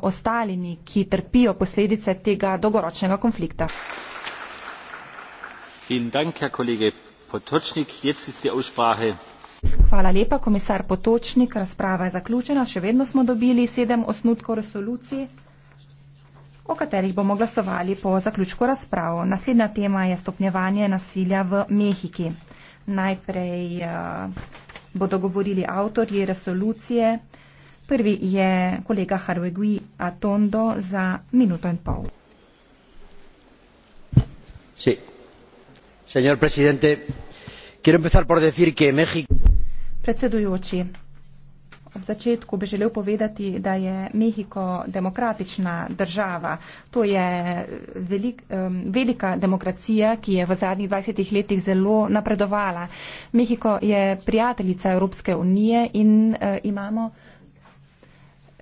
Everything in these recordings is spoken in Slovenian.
ostalimi, ki trpijo posledice tega dolgoročnega konflikta. Hvala lepa, komisar Potočnik. Razprava je zaključena. Še vedno smo dobili sedem osnutkov resolucij, o katerih bomo glasovali po zaključku razprav. Naslednja tema je stopnjevanje nasilja v Mehiki. Najprej uh, bodo govorili avtorji resolucije. Prvi je kolega Harvegui Atondo za minuto in pol. Sí. Señor presidente, quiero empezar por decir que México... Predsedujoči, ob začetku bi želel povedati, da je Mehiko demokratična država. To je velik, um, velika demokracija, ki je v zadnjih 20 letih zelo napredovala. Mehiko je prijateljica Evropske unije in uh, imamo uh,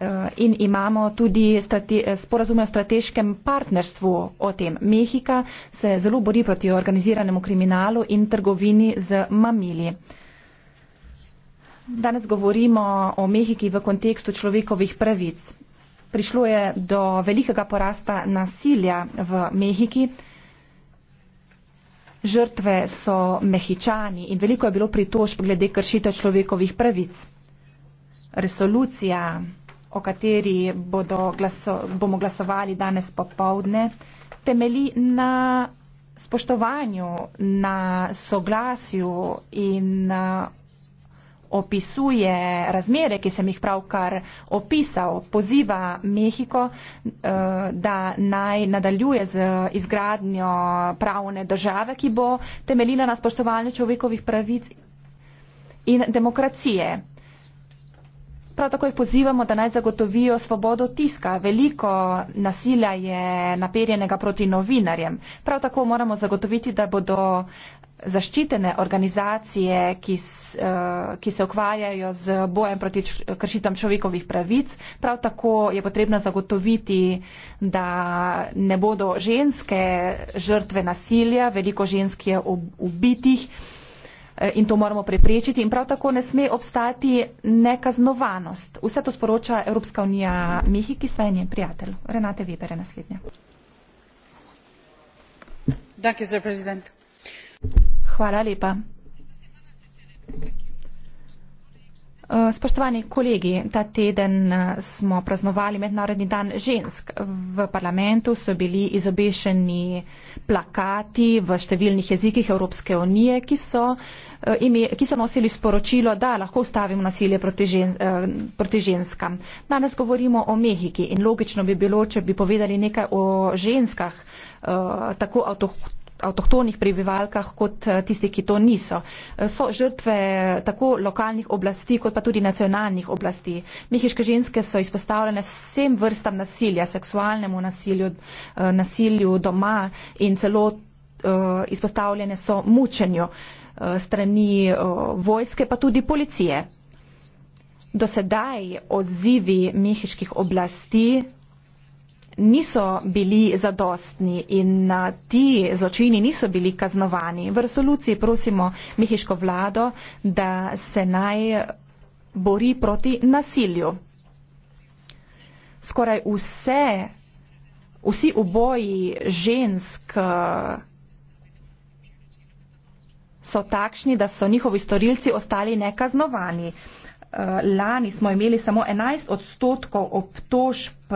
Eh, in imamo tudi strate, sporazume o strateškem partnerstvu o tem. Mehika se zelo bori proti organiziranemu kriminalu in trgovini z mamili. Danes govorimo o Mehiki v kontekstu človekovih pravic. Prišlo je do velikega porasta nasilja v Mehiki. Žrtve so mehičani in veliko je bilo pritožb glede kršitev človekovih pravic. Resolucija o kateri bodo glaso, bomo glasovali danes popovdne, temeli na spoštovanju, na soglasju in eh, opisuje razmere, ki sem jih pravkar opisal, poziva Mehiko, eh, da naj nadaljuje z izgradnjo pravne države, ki bo temeljila na spoštovanju človekovih pravic in demokracije. Prav tako jih pozivamo, da naj zagotovijo svobodo tiska. Veliko nasilja je naperjenega proti novinarjem. Prav tako moramo zagotoviti, da bodo zaščitene organizacije, ki, eh, ki se ukvarjajo z bojem proti kršitam človekovih pravic. Prav tako je potrebno zagotoviti, da ne bodo ženske žrtve nasilja, veliko žensk je ubitih. Ob, Eh, in to moramo preprečiti in prav tako ne sme obstati nekaznovanost. Vse to sporoča Evropska unija Mihiki, saj je njen prijatelj. Renate Weber je naslednja. Hvala lepa. Spoštovani kolegi, ta teden eh, smo praznovali Mednarodni dan žensk. V parlamentu so bili izobešeni plakati v številnih jezikih Evropske unije, ki so, eh, ki so nosili sporočilo, da lahko ustavimo nasilje eh, proti ženskam. Danes govorimo o Mehiki in logično bi bilo, če bi povedali nekaj o ženskah, tako avtohtonih avtohtonih prebivalkah kot eh, tisti, ki to niso. Eh, so žrtve eh, tako lokalnih oblasti, kot pa tudi nacionalnih oblasti. Mehiške ženske so izpostavljene vsem vrstam nasilja, seksualnemu nasilju, nasilju doma in celo izpostavljene so mučenju strani vojske, pa tudi policije. Do sedaj odzivi mehiških oblasti niso bili zadostni in ti zločini niso bili kaznovani. V resoluciji prosimo mehiško vlado, da se naj bori proti nasilju. Skoraj vse, vsi uboji žensk so takšni, da so njihovi storilci ostali nekaznovani. Lani smo imeli samo 11 odstotkov obtožb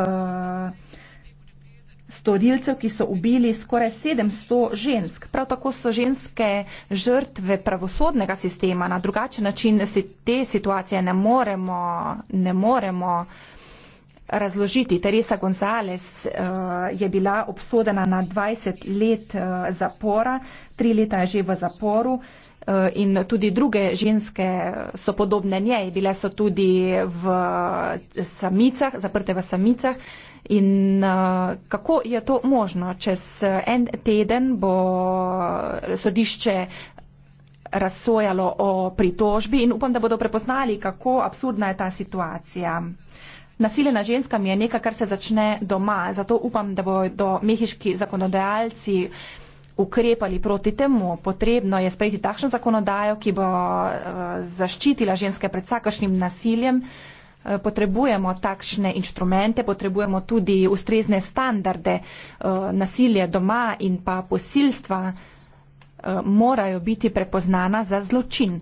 storilcev, ki so ubili skoraj 700 žensk. Prav tako so ženske žrtve pravosodnega sistema. Na drugačen način si te situacije ne moremo, ne moremo eh, razložiti. Teresa González uh, eh, je bila obsodena na 20 let uh, zapora, tri leta je že v zaporu. In tudi druge ženske so podobne njej, bile so tudi v samicah, zaprte v samicah, In uh, kako je to možno? Čez uh, en teden bo uh, sodišče razsojalo o pritožbi in upam, da bodo prepoznali, kako absurdna je ta situacija. Nasilje na ženskami je nekaj, kar se začne doma, zato upam, da bodo mehiški zakonodajalci ukrepali proti temu. Potrebno je sprejeti takšno zakonodajo, ki bo uh, zaščitila ženske pred vsakršnim nasiljem. Eh, potrebujemo takšne inštrumente, potrebujemo tudi ustrezne standarde eh, nasilje doma in pa posilstva eh, morajo biti prepoznana za zločin.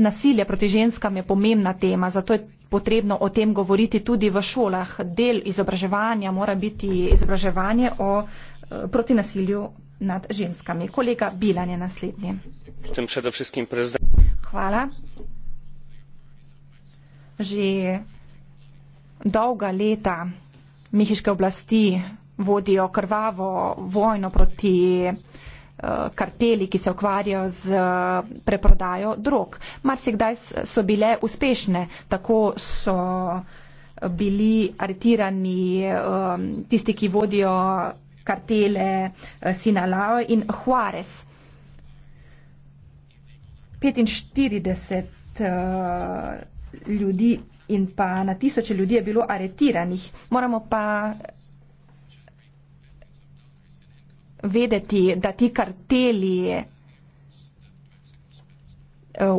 Nasilje proti ženskam je pomembna tema, zato je potrebno o tem govoriti tudi v šolah. Del izobraževanja mora biti izobraževanje o proti nasilju nad ženskami. Kolega Bilan je naslednji. Hvala že dolga leta mehiške oblasti vodijo krvavo vojno proti eh, karteli, ki se ukvarjajo z eh, preprodajo drog. Marsikdaj so bile uspešne, tako so eh, bili aretirani tisti, ki vodijo kartele Sinalao in Juarez. 45 ljudi in pa na tisoče ljudi je bilo aretiranih. Moramo pa vedeti, da ti karteli eh,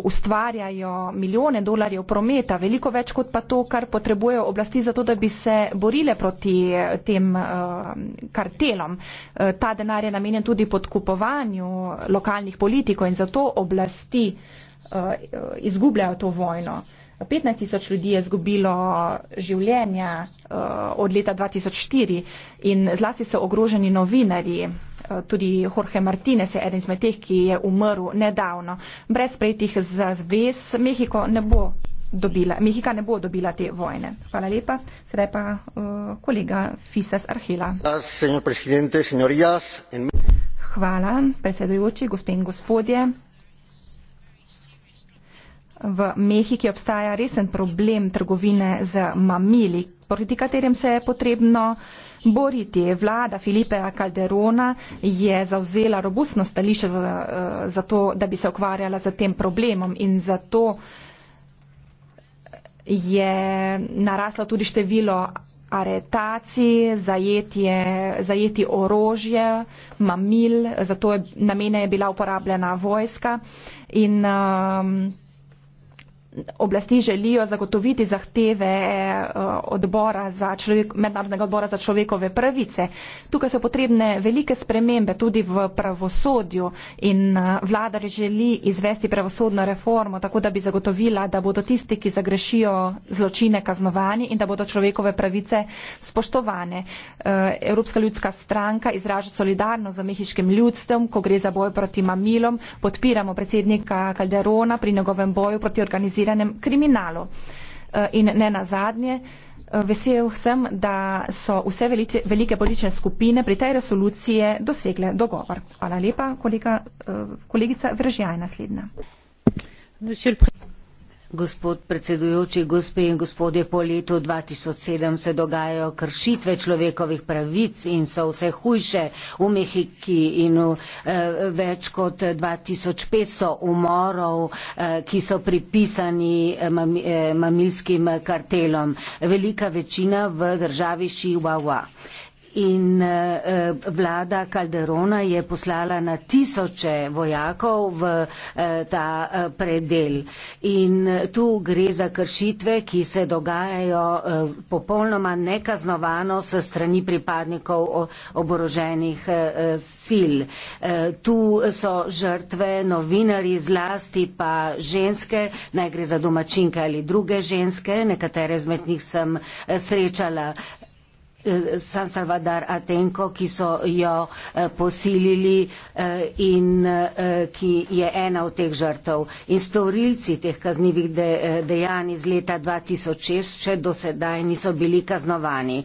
ustvarjajo milijone dolarjev prometa, veliko več kot pa to, kar potrebujejo oblasti za to, da bi se borile proti eh, tem eh, kartelom. Ta denar je namenjen tudi podkupovanju lokalnih politikov in zato oblasti izgubljajo to vojno. 15 tisoč ljudi je zgubilo življenja uh, od leta 2004 in zlasti so ogroženi novinarji. Uh, tudi Jorge Martinez je eden izmed teh, ki je umrl nedavno. Brez sprejetih zvez Mehiko ne bo dobila, Mehika ne bo dobila te vojne. Hvala lepa. Sedaj pa uh, kolega Fises Arhila. Hvala, predsedujoči, gospe in gospodje v Mehiki obstaja resen problem trgovine z mamili, proti katerem se je potrebno boriti. Vlada Filipeja Calderona je zavzela robustno stališče za, eh, za to, da bi se ukvarjala z tem problemom in zato je naraslo tudi število aretacij, zajetje, zajeti orožje, mamil, zato je, namene je bila uporabljena vojska in um, oblasti želijo zagotoviti zahteve eh, odbora za človek, mednarodnega odbora za človekove pravice. Tukaj so potrebne velike spremembe tudi v pravosodju in eh, vlada želi izvesti pravosodno reformo, tako da bi zagotovila, da bodo tisti, ki zagrešijo zločine kaznovani in da bodo človekove pravice spoštovane. Eh, Evropska ljudska stranka izraža solidarnost za mehiškim ljudstvom, ko gre za boj proti mamilom, podpiramo predsednika Calderona pri njegovem boju proti organiziranju organiziranem kriminalu. Eh, in ne nazadnje, eh, vesel sem, da so vse velike, velike politične skupine pri tej resoluciji dosegle dogovor. Hvala lepa, kolega, eh, kolegica Vržjaj naslednja. Monsieur le Président, Gospod predsedujoči, gospe in gospodje, po letu 2007 se dogajajo kršitve človekovih pravic in so vse hujše v Mehiki in v, eh, več kot 2500 umorov, eh, ki so pripisani eh, mam, eh, mamilskim kartelom. Velika večina v državi Šihuahua in eh, eh, vlada Calderona je poslala na tisoče vojakov v eh, ta predel. In tu gre za kršitve, ki se dogajajo popolnoma nekaznovano s strani pripadnikov oboroženih sil. Tu so žrtve novinari zlasti pa ženske, naj gre za domačinke ali druge ženske, nekatere zmed njih sem srečala. Eh, San Salvador Atenko, ki so jo eh, posilili eh, in ki je ena od teh žrtev. In storilci teh kaznjivih dejanj iz leta 2006 še do sedaj niso bili kaznovani.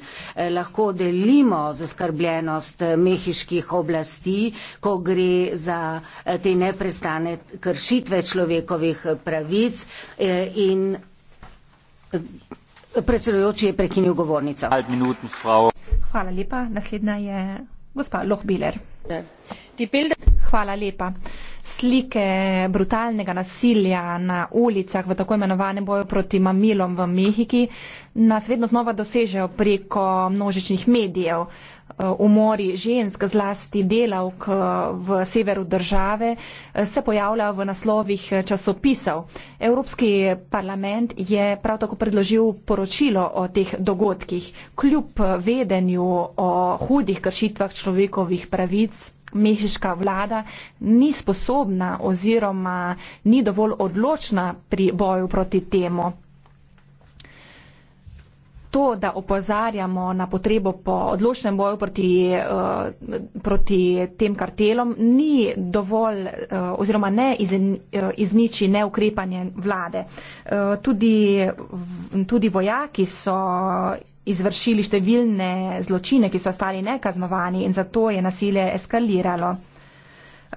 Lahko delimo zaskrbljenost mehiških oblasti, ko gre za te neprestane kršitve človekovih pravic in Predsedujoči je prekinil govornico. Hvala lepa. Naslednja je gospa Lohbiler. Hvala lepa slike brutalnega nasilja na ulicah v tako imenovanem boju proti mamilom v Mehiki nas vedno znova dosežejo preko množičnih medijev. Eh, umori žensk, zlasti delavk v severu države, eh, se pojavljajo v naslovih eh, časopisov. Evropski parlament je prav tako predložil poročilo o teh dogodkih. Kljub vedenju o hudih kršitvah človekovih pravic mehiška vlada ni sposobna oziroma ni dovolj odločna pri boju proti temu. To, da opozarjamo na potrebo po odločnem boju proti, eh, proti tem kartelom, ni dovolj eh, oziroma ne eh, izniči neukrepanje vlade. Tudi, tudi vojaki so izvršili številne zločine, ki so ostali nekaznovani in zato je nasilje eskaliralo.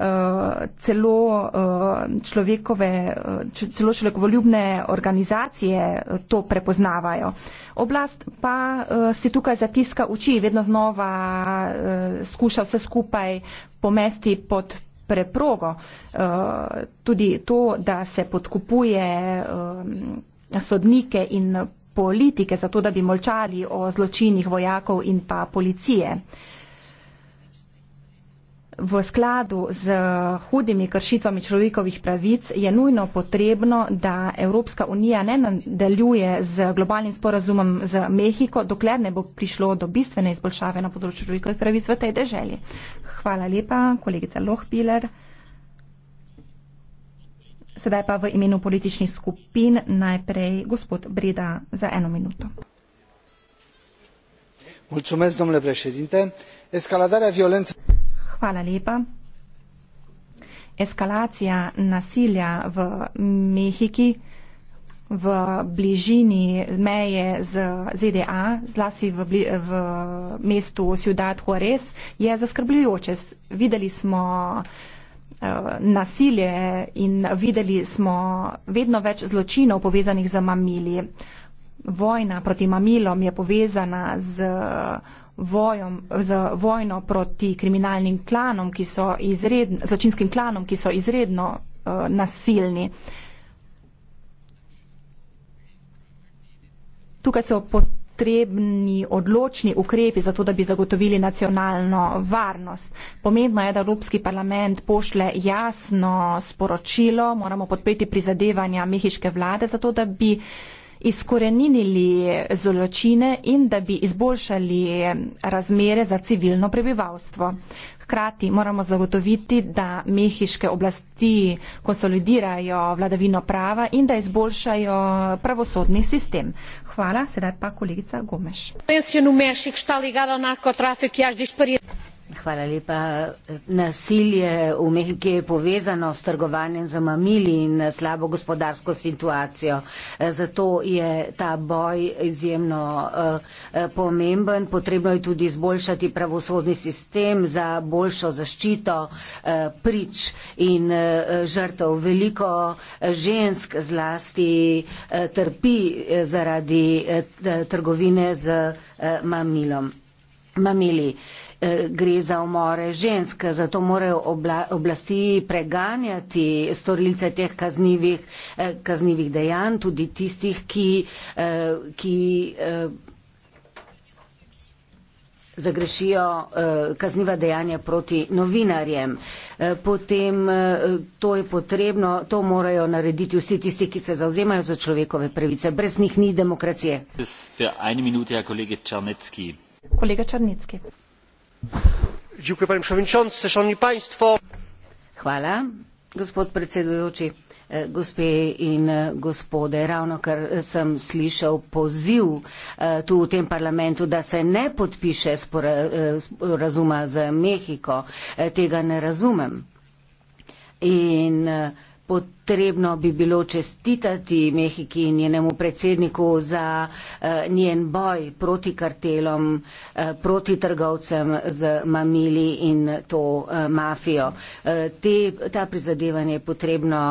Uh, celo, uh, človekove, uh, celo človekovoljubne organizacije uh, to prepoznavajo. Oblast pa uh, si tukaj zatiska oči, vedno znova uh, skuša vse skupaj pomesti pod preprogo. Uh, tudi to, da se podkupuje uh, sodnike in politike, zato da bi molčali o zločinih vojakov in pa policije. V skladu z hudimi kršitvami človekovih pravic je nujno potrebno, da Evropska unija ne nadaljuje z globalnim sporazumom z Mehiko, dokler ne bo prišlo do bistvene izboljšave na področju človekovih pravic v tej državi. Hvala lepa, kolegica Lohbiler. Sedaj pa v imenu političnih skupin najprej gospod Breda za eno minuto. Mulțumesc, domnule președinte. Escaladarea violenței. Hvala lepa. Eskalacija nasilja v Mehiki, v bližini meje z ZDA, zlasti v, v mestu Ciudad Juarez, je zaskrbljujoče. Videli smo uh, Eh, nasilje in videli smo vedno več zločinov povezanih z mamili. Vojna proti mamilom je povezana z, vojom, z vojno proti kriminalnim klanom, ki so izredno, zločinskim klanom, ki so izredno uh, nasilni. Tukaj so potrebni potrebni odločni ukrepi za to, da bi zagotovili nacionalno varnost. Pomembno je, da Evropski parlament pošle jasno sporočilo, moramo podpreti prizadevanja mehiške vlade za to, da bi izkorenili zločine in da bi izboljšali razmere za civilno prebivalstvo. Hkrati moramo zagotoviti, da mehiške oblasti konsolidirajo vladavino prava in da izboljšajo pravosodni sistem. Hvala, sedaj pa kolegica Gomeš. Hvala lepa. Nasilje v Mehiki je povezano s trgovanjem za mamili in slabo gospodarsko situacijo. Zato je ta boj izjemno pomemben. Potrebno je tudi izboljšati pravosodni sistem za boljšo zaščito prič in žrtev. Veliko žensk zlasti trpi zaradi trgovine z mamilom. Mamili. Eh, gre za umore žensk, zato morajo obla, oblasti preganjati storilce teh kaznivih, eh, kaznivih dejanj, tudi tistih, ki, eh, ki zagrešijo kazniva dejanja proti novinarjem. Potem to je potrebno, to morajo narediti vsi tisti, ki se zauzemajo za človekove pravice. Brez njih ni demokracije. Ja, Kolega Črnecki gospod predsedujoči e, gospe in e, gospodje ravnokar sem slišal poziv e, tu v tem parlamentu da se ne podpiše sporazuma z mehiko tega ne razumem in Potrebno bi bilo čestitati Mehiki in njenemu predsedniku za eh, njen boj proti kartelom, eh, proti trgovcem z mamili in to eh, mafijo. Eh, te, ta prizadevanje je potrebno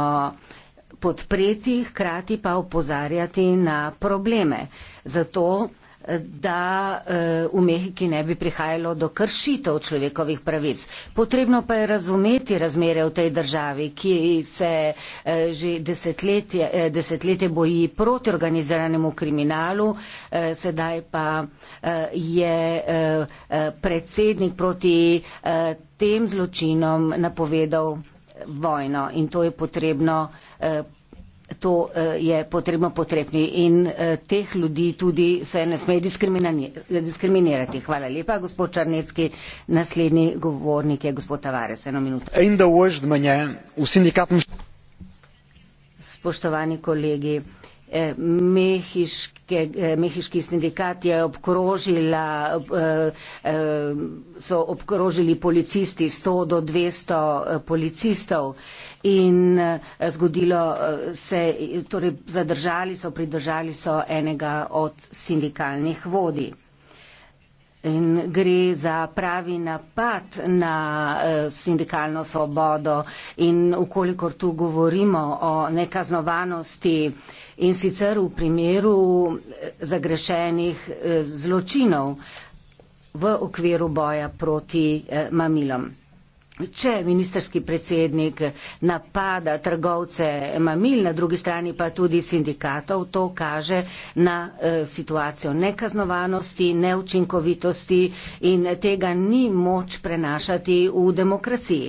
podpreti, hkrati pa upozarjati na probleme. Zato da e, v Mehiki ne bi prihajalo do kršitev človekovih pravic. Potrebno pa je razumeti razmere v tej državi, ki se e, že desetletje, e, desetletje boji proti organiziranemu kriminalu, sedaj pa je predsednik proti tem zločinom napovedal vojno in to je potrebno to eh, je potrebno potrebni in eh, teh ljudi tudi se ne sme diskriminirati. Hvala lepa, gospod Črnecki. Naslednji govornik je gospod Tavares. Eno minuto. Spoštovani kolegi. Eh, mehiške, eh, mehiški sindikat je obkrožila, eh, so obkrožili policisti, 100 do 200 policistov in zgodilo se, torej zadržali so, pridržali so enega od sindikalnih vodij. In gre za pravi napad na sindikalno svobodo in ukolikor tu govorimo o nekaznovanosti, in sicer v primeru eh, zagrešenih eh, zločinov v okviru boja proti eh, mamilom. Če ministerski predsednik napada trgovce mamil, na drugi strani pa tudi sindikatov, to kaže na situacijo nekaznovanosti, neučinkovitosti in tega ni moč prenašati v demokraciji.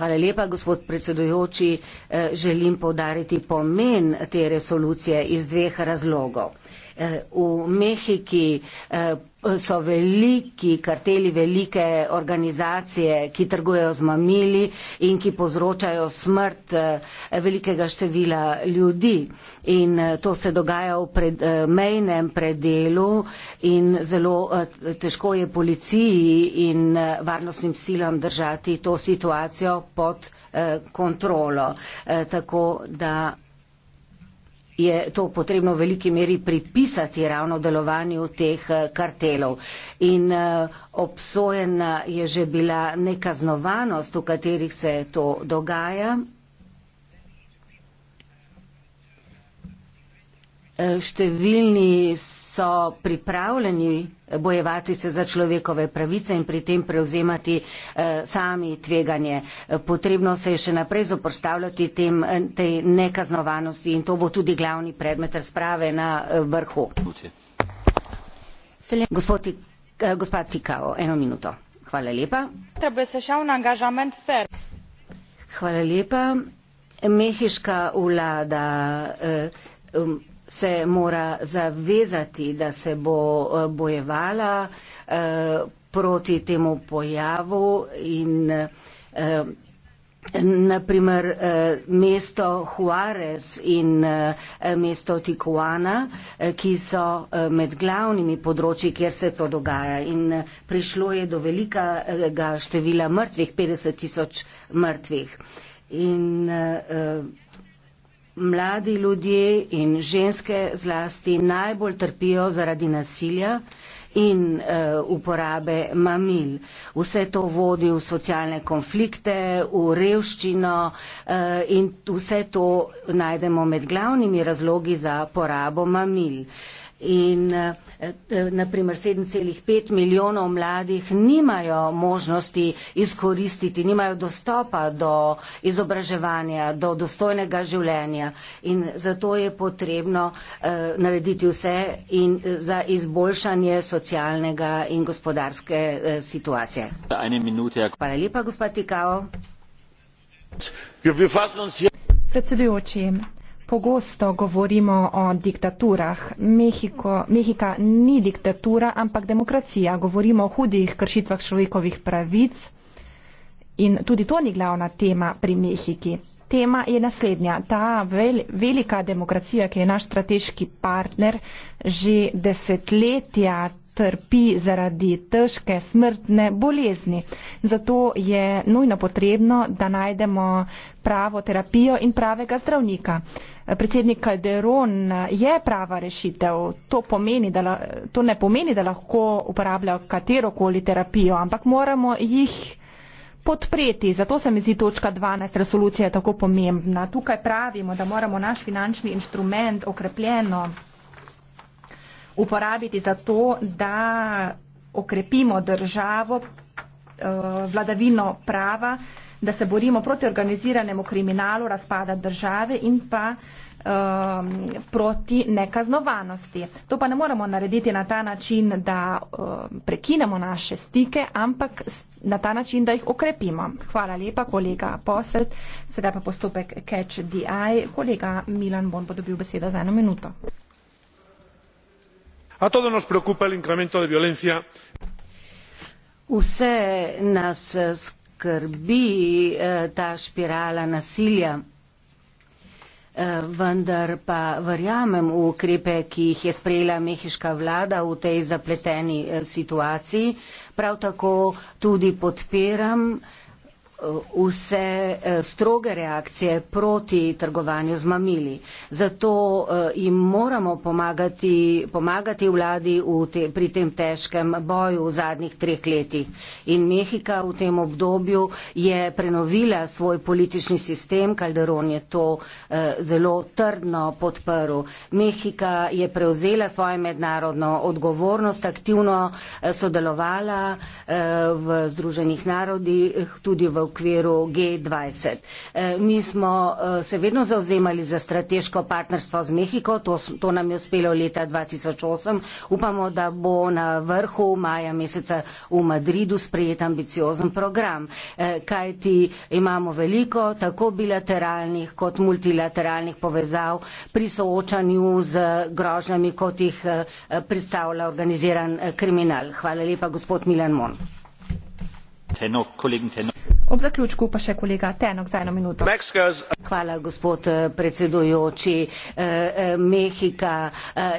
Hvala lepa, gospod predsedujoči. Eh, želim povdariti pomen te resolucije iz dveh razlogov. Eh, v Mehiki eh, so veliki karteli, velike organizacije, ki trgujejo z mamili in ki povzročajo smrt eh, velikega števila ljudi. In to se dogaja v pred, mejnem predelu in zelo težko je policiji in varnostnim silam držati to situacijo pod kontrolo. Tako da je to potrebno v veliki meri pripisati ravno delovanju teh eh, kartelov. In eh, obsojena eh, je že bila nekaznovanost, v katerih se to dogaja. Eh, številni so pripravljeni bojevati se za človekove pravice in pri tem prevzemati eh, sami tveganje. Eh, potrebno se je še naprej zoprstavljati tem, tej nekaznovanosti in to bo tudi glavni predmet razprave na vrhu. Gospod, gospod Tikao, eno minuto. Hvala lepa. Treba se še na angažament fer. Hvala lepa. Mehiška vlada. Eh, um, se mora zavezati, da se bo eh, bojevala eh, proti temu pojavu in eh, naprimer mesto Juarez in mesto Tikuana, ki so med glavnimi področji, kjer se to dogaja. In prišlo je do velikega števila mrtvih, 50 tisoč mrtvih. In, uh, mladi ljudje in ženske zlasti najbolj trpijo zaradi nasilja in e, uporabe mamil. Vse to vodi v socialne konflikte, v revščino e, in vse to najdemo med glavnimi razlogi za porabo mamil in eh, naprimer 7,5 milijonov mladih nimajo možnosti izkoristiti, nimajo dostopa do izobraževanja, do dostojnega življenja in zato je potrebno eh, narediti vse in eh, za izboljšanje socialnega in gospodarske situacije. Ja. Hvala lepa, gospod Tikao. Predsedujoči pogosto govorimo o diktaturah. Mehiko, Mehika ni diktatura, ampak demokracija. Govorimo o hudih kršitvah človekovih pravic, In tudi to ni glavna tema pri Mehiki. Tema je naslednja. Ta vel, velika demokracija, ki je naš strateški partner, že desetletja trpi zaradi težke smrtne bolezni. Zato je nujno potrebno, da najdemo pravo terapijo in pravega zdravnika. Predsednik Calderon je prava rešitev. To, pomeni, da, to ne pomeni, da lahko uporablja katero koli terapijo, ampak moramo jih podpreti. Zato se mi zdi točka 12 resolucije tako pomembna. Tukaj pravimo, da moramo naš finančni inštrument okrepljeno uporabiti za to, da okrepimo državo, eh, vladavino prava, da se borimo proti organiziranemu kriminalu, razpada države in pa um, proti nekaznovanosti. To pa ne moramo narediti na ta način, da um, prekinemo naše stike, ampak na ta način, da jih okrepimo. Hvala lepa, kolega Posled. Sedaj pa postopek Catch DI. Kolega Milan Bon bo dobil besedo za eno minuto. A to, da nas preokupa inkremento de violencia. Vse nas skrbi eh, ta špirala nasilja. Eh, vendar pa verjamem v ukrepe, ki jih je sprejela mehiška vlada v tej zapleteni eh, situaciji. Prav tako tudi podpiram vse eh, stroge reakcije proti trgovanju z mamili. Zato eh, jim moramo pomagati, pomagati vladi te, pri tem težkem boju v zadnjih treh letih. In Mehika v tem obdobju je prenovila svoj politični sistem, Calderon je to eh, zelo trdno podprl. Mehika je prevzela svojo mednarodno odgovornost, aktivno sodelovala v Združenih narodih, tudi v okviru G20. Eh, mi smo eh, se vedno zauzemali za strateško partnerstvo z Mehiko, to, to nam je uspelo leta 2008. Upamo, da bo na vrhu maja meseca v Madridu sprejet ambiciozen program, eh, kajti imamo veliko tako bilateralnih kot multilateralnih povezav pri soočanju z grožnjami, kot jih predstavlja organiziran kriminal. Hvala lepa, gospod Milan Mon. Ob zaključku pa še kolega Tenok za eno minuto. Hvala, gospod eh, predsedujoči. Eh, eh, Mehika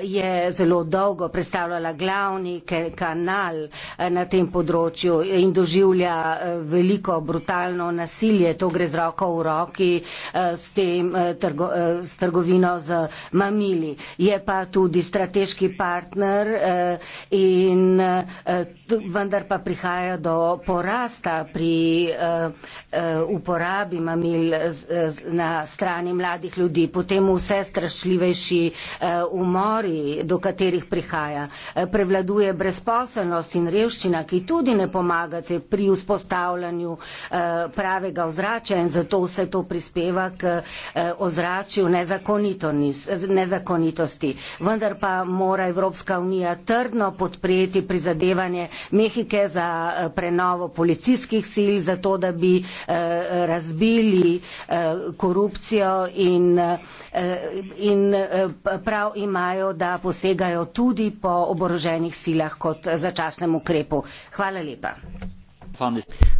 je zelo dolgo predstavljala glavni kanal na tem področju in doživlja veliko brutalno nasilje. To gre z roko v roki s, tem, trgo, s trgovino z mamili. Je pa tudi strateški partner in vendar pa prihaja do porasta pri Eh, uporabi mamil na strani mladih ljudi, potem vse strašljivejši eh, umori, do katerih prihaja, eh, prevladuje brezposelnost in revščina, ki tudi ne pomagate pri vzpostavljanju pravega ozračja in zato vse to prispeva k ozračju nezakonitosti. Vendar pa mora Evropska unija trdno podpreti prizadevanje Mehike za prenovo policijskih sil, zato da bi eh, razbili eh, korupcijo in, eh, in prav imajo, da posegajo tudi po oboroženih silah kot začasnem ukrepu. Hvala lepa.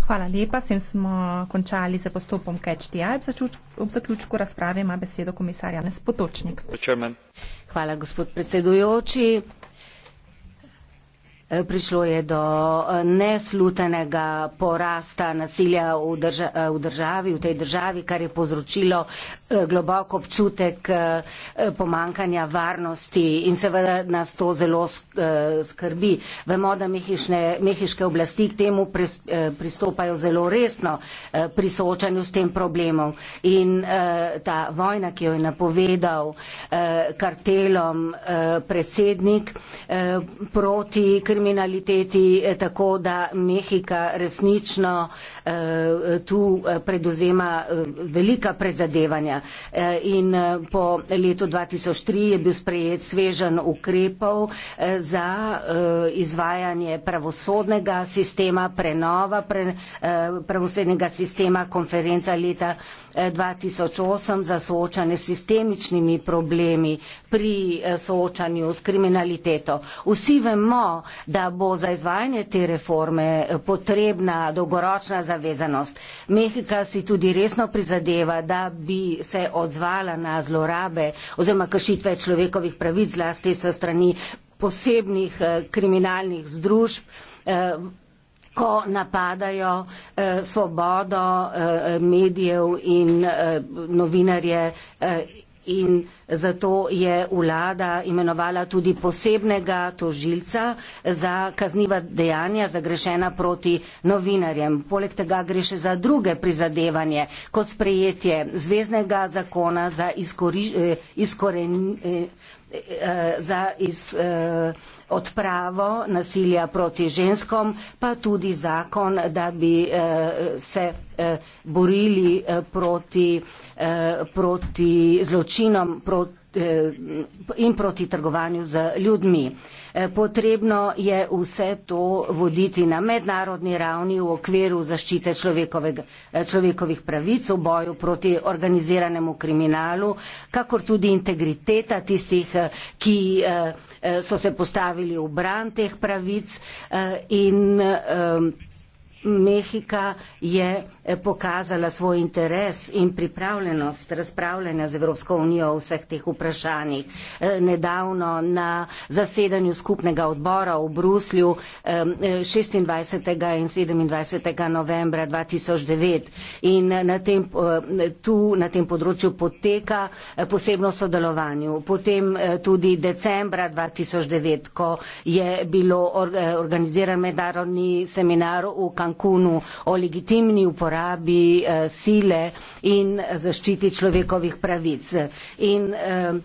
Hvala lepa, s tem smo končali za postopom KEČTI. Ob zaključku razprave ima besedo komisar Janes Potočnik. Hvala, gospod predsedujoči prišlo je do eh, neslutenega porasta nasilja v, drža, v državi, v tej državi, kar je povzročilo Eh, globok občutek eh, pomankanja varnosti in seveda nas to zelo eh, skrbi. Vemo, da mehišne, mehiške oblasti k temu pristopajo zelo resno pri soočanju s tem problemom in ta vojna, ki jo je napovedal kartelom predsednik proti kriminaliteti, tako da Mehika resnično tu predvzema velika prezadevanja. Eh, in eh, po letu 2003 je bil sprejet svežen ukrepov eh, za izvajanje pravosodnega sistema, prenova pre, pravosodnega sistema konferenca leta 2008 eh, za soočanje s sistemičnimi problemi pri eh, soočanju s kriminaliteto. Vsi vemo, da bo za izvajanje te reforme eh, potrebna dolgoročna zavezanost. Mehika si tudi resno prizadeva, da bi se odzvala na zlorabe oziroma kršitve človekovih pravic zlasti s strani posebnih kriminalnih združb ko napadajo eh, svobodo eh, medijev in eh, novinarje. Eh, In zato je vlada imenovala tudi posebnega tožilca za kazniva dejanja zagrešena proti novinarjem. Poleg tega gre še za druge prizadevanje, kot sprejetje zvezdnega zakona za izkori, eh, izkoren. Eh, Eh, za iz, eh, odpravo nasilja proti ženskom, pa tudi zakon, da bi eh, se eh, borili eh, proti, eh, proti zločinom, proti Eh, in proti trgovanju z ljudmi. Eh, potrebno je vse to voditi na mednarodni ravni v okviru zaščite eh, človekovih pravic v boju proti organiziranemu kriminalu, kakor tudi integriteta tistih, ki so se postavili v bran teh pravic in Mehika je eh, pokazala svoj interes in pripravljenost razpravljanja z Evropsko unijo o vseh teh vprašanjih. Eh, nedavno na zasedanju skupnega odbora v Bruslju 26. Eh, in 27. novembra 2009 in na tem, tu na tem področju poteka posebno sodelovanju. Potem tudi decembra 2009, ko je bilo organiziran mednarodni seminar v Kankovi Cancunu o legitimni uporabi eh, sile in zaščiti človekovih pravic. In, eh,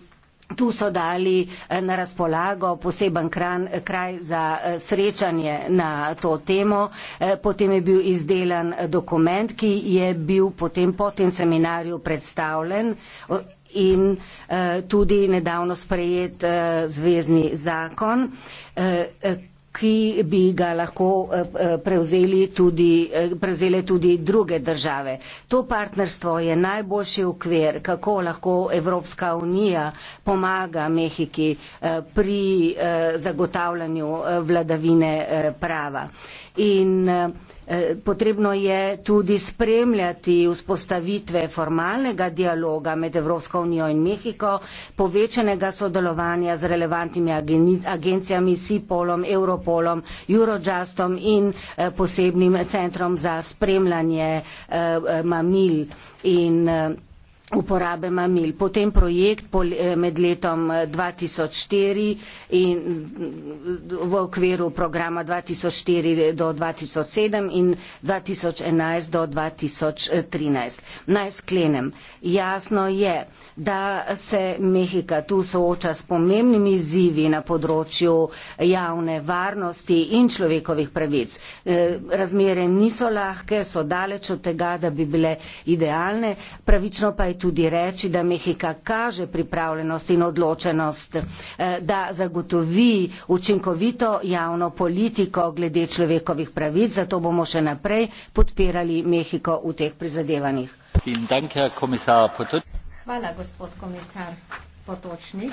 Tu so dali eh, na razpolago poseben kran, kraj za srečanje na to temo. Potem je bil izdelan dokument, ki je bil potem po tem seminarju predstavljen in tudi nedavno sprejet zvezni zakon ki bi ga lahko eh, eh, prevzeli tudi, eh, prevzele tudi druge države. To partnerstvo je najboljši okvir, kako lahko Evropska unija pomaga Mehiki pri zagotavljanju vladavine prava in eh, potrebno je tudi spremljati vzpostavitve formalnega dialoga med Evropsko unijo in Mehiko, povečanega sodelovanja z relevantnimi agencijami SIPOLOM, Europolom, Eurojustom in eh, posebnim centrom za spremljanje eh, mamil. In, uh, uporabe mamil. Potem projekt eh, med letom 2004 eh, in v okviru programa 2004 do 2007 in 2011 do 2013. Naj sklenem. Jasno je, da se Mehika tu sooča s pomembnimi izzivi na področju javne varnosti in človekovih pravic. Eh, razmere niso lahke, so daleč od tega, da bi bile idealne. Pravično pa je tudi reči, da Mehika kaže pripravljenost in odločenost, eh, da zagotovi učinkovito javno politiko glede človekovih pravic, zato bomo še naprej podpirali Mehiko v teh prizadevanjih. Hvala, gospod komisar Potočnik.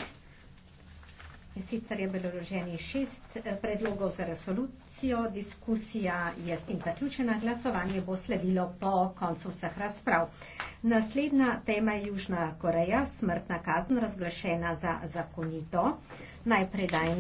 Sicer je bilo vloženih šest eh, predlogov za resolucijo, diskusija je s tem zaključena, glasovanje bo sledilo po koncu vseh razprav. Naslednja tema je Južna Koreja, smrtna kazn razglašena za zakonito. Najprej dajem.